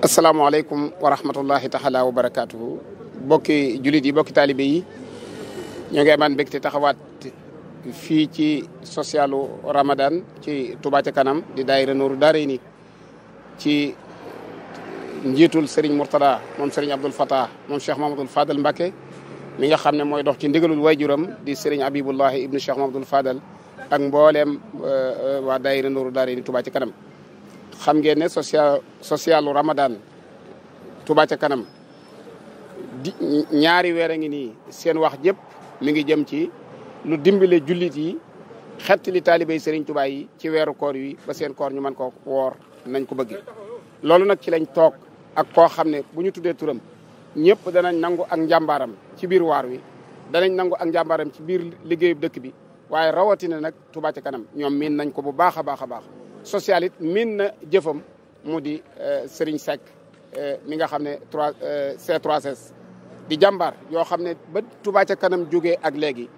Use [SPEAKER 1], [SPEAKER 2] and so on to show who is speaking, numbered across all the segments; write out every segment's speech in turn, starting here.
[SPEAKER 1] asalaamaaleykum wa rahmatullahi taala wa barakaatuhu bokki jullit yi bokki taalibe yi ñoo ngi amaan mbégte taxawaat fii ci socialu Ramadan ci Touba ca kanam di daayira Nooru Daarayni ci njiitul Serigne Mourtada moom Serigne Abdoul Fatah moom Cheikh Mamadou Fadal Mbacké mi nga xam ne mooy dox ci ndigalul juram di Serigne Abibullahi ibnu Cheikh Mamadou Fadal ak mbooleem euh, euh, waa daayira Nooru Daarayni Touba ca kanam xam ngeen ne social socialu Ramadan Touba ca kanam ñaari weer a ngi nii seen wax jëpp mi ngi jëm ci lu dimbale jullit yi xettali taalibey Serigne Touba yi ci weeru koor yi ba seen koor ñu mën ko woor nañ ko bëgg loolu nag ci lañ toog ak koo xam ne bu ñu tuddee turam ñëpp danañ nangu ak njàmbaaram ci biir waar wi danañ nangu ak njàmbaaram ci biir liggéeyu dëkk bi waaye rawatina nag Touba ca kanam ñoom miin nañ ko bu baax a baax a baax social it miin na jëfam mu di euh, Serigne Seck euh, mi nga xam ne 3 euh, c 3 di jàmbaar yoo xam ne ba Touba ca kanam jóge ak léegi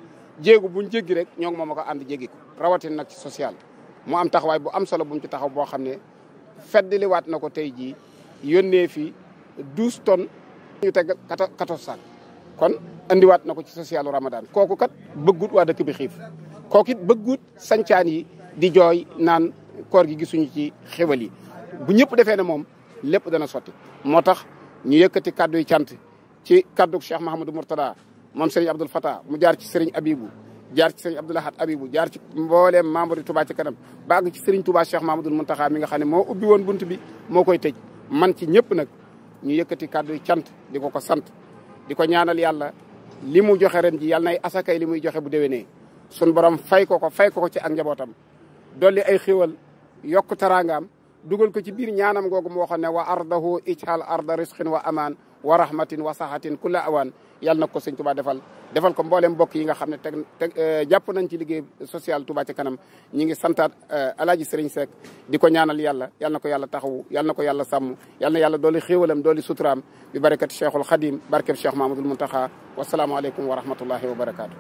[SPEAKER 1] jéegu buñ jéggi rek ñoo ngi moom a ko ànd jéggi rawatin nag ci social mu am taxawaay bu am solo bu ci taxaw boo xam ne feddliwaat na ko tey jii yónnee fi 12 tonnes ñu teg 14 sac kon waat na ko ci socialu Ramadan kooku kat bëggut waa dëkk bi xiif kooku it bëggut sancaan yi di jooy naan koor gi gisuñu ci xéwal yi bu ñëpp defee ne moom lépp dana sotti moo tax ñu yëkkati kàddu yi cant ci kàddu Cheikh Mahamadou Mourtada moom Serigne Abdoul Fatah mu jaar ci Serigne Abibou jaar ci Serigne Abdoul Ahad Abibou jaar ci mbooleem membre yi Touba ci kanam bàgg ci Serigne Touba Cheikh Mahamadoul Mountakha mi nga xam ne moo ubbi woon bunt bi moo koy tëj man ci ñëpp nag ñu yëkkati kàddu yi cant di ko ko sant di ko ñaanal yàlla li mu joxe ren ji yàlla nay asakay li muy joxe bu déwénee sun borom fay ko ko ko ci ak yokk taraangaam dugal ko ci biir ñaanam googu moo xam ne wa ardahu ijhal arda risqin wa amaan wa rahmatin wa sahatin kulla awaan yàlla na ko sëñ Touba defal defal ko mboolem mbokk yi nga xam ne teg teg eh, jàpp nañ ci liggéey social Touba ci kanam ñi ngi santaat alaaji Sëriñ sek di ko ñaanal yàlla yàlla na ko yàlla taxawu yàlla na ko yàlla sàmm yàlla na yàlla dooli xéewalam dooli suturaam bi barakat Cheikhul Khadim barkeb Cheikh Mahamadoul Mountakha wasalaamualeykum wa rahmatullahi wa barakaatu.